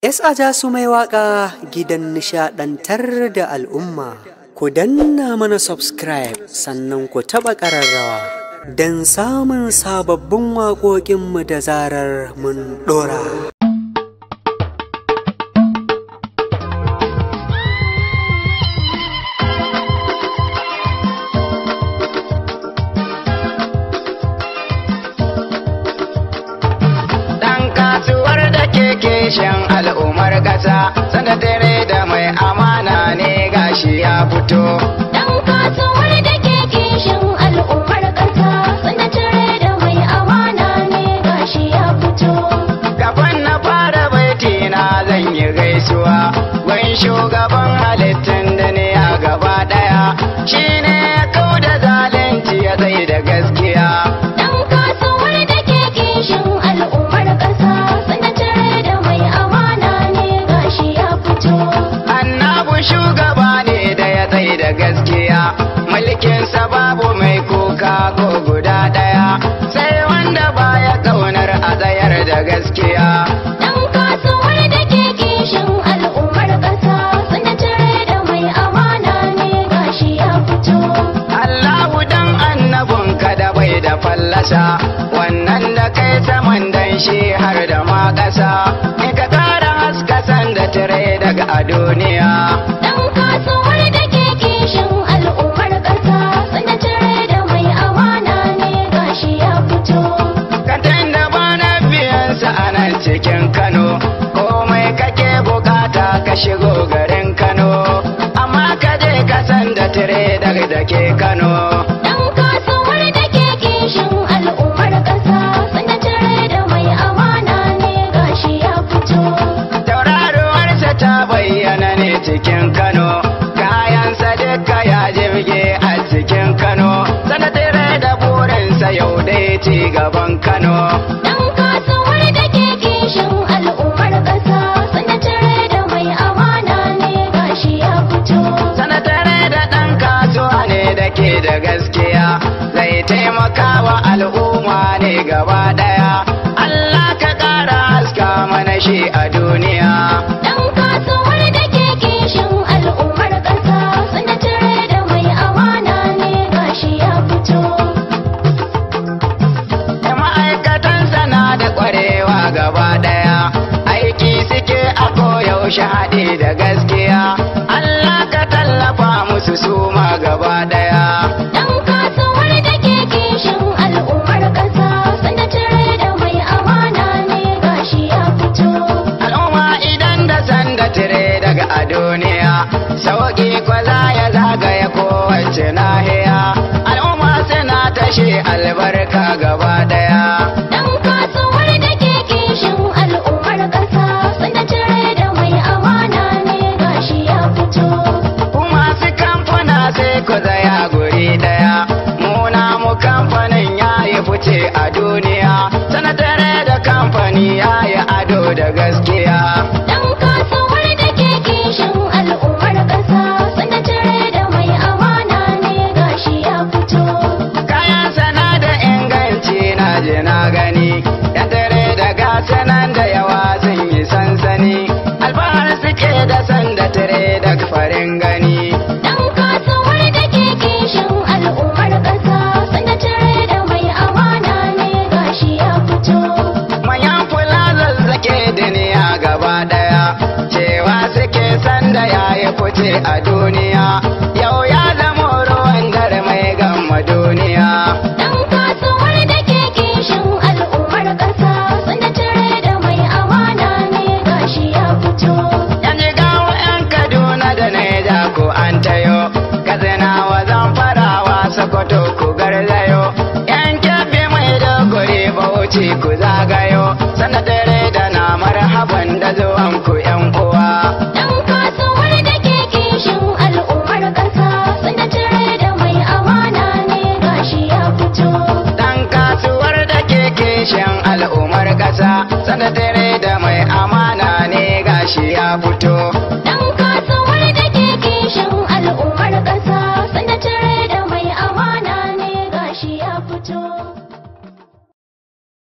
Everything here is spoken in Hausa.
Yes, su mai waƙa gidan nishadantar da al'umma. Ku danna mana subscribe sannan ku taɓa ƙararrawa don samun sababbin waƙoƙinmu da zarar mun ɗora. Ɗan kasuwar da ke kwargata sanda da mai amana ne gashi ya fito dan kasuwar da ke kishin al'ummar kasa sanda dare da mai amana ne gashi ya fito gaban na fara baiti na zan yi gaisuwa wani shugaban halittun da ne a gaba daya shine ya kauda da da gaskiya mulkinsa babu mai kuka ko guda ɗaya sai wanda baya ƙaunar a tsayar da gaskiya ɗan kasuwar da ke kishin al'ummar ƙasa suna cire da mai amana ne gashi ya fito Allahu dan annabin kada bai da fallasa wannan da kai saman dan shi har da ma ƙasa ka ƙara haska sanda tare daga a duniya cikin Kano, komai kake bukata ka shigo garin Kano, amma ka je ka san da tire daga da ke Kano. Dan kasuwar da ke kishin al'ummar ƙasa, sanda tire da mai amana ne gashi ya fito. Tauraruwarsa ta bayyana ne cikin Kano, kayansa duka ya jirge a cikin Kano, sanda tire da burinsa yau dai ci gaban Kano. ke da gaskiya zai taimaka wa al'umma ne gaba daya Allah ka ƙara haska mana shi a duniya dan kasuwar da al'ummar ƙasa suna da mai amana ne ya da ma'aikatan na da ƙwarewa gaba aiki suke a koyaushe haɗe da gaskiya ce albarka gaba ɗaya. dan kasuwar da ke kishin al'ummar ƙasa, suna da mai amana ne gashi ya fito kuma su kamfana sai ku zaya guri daya mu namu kamfanin yayi fice a duniya sanatare da kamfani yayi ado da gaskiya dan kasuwar wanda ya yi fice a duniya yau ya zama ruwan dare mai gama duniya dan kasuwar da ke kishin al'ummar ƙasa suna cire da mai amana ne gashi ya fito yan gawa yan kaduna da naija ko an tayo kazina wa zamfarawa sokoto ku garzayo yan kyabe mai ba bauchi ku zagayo sanadare da na marhaban da zuwan ku yan uwa al'ummar ƙasa sanatare da mai amana ne gashi ya fito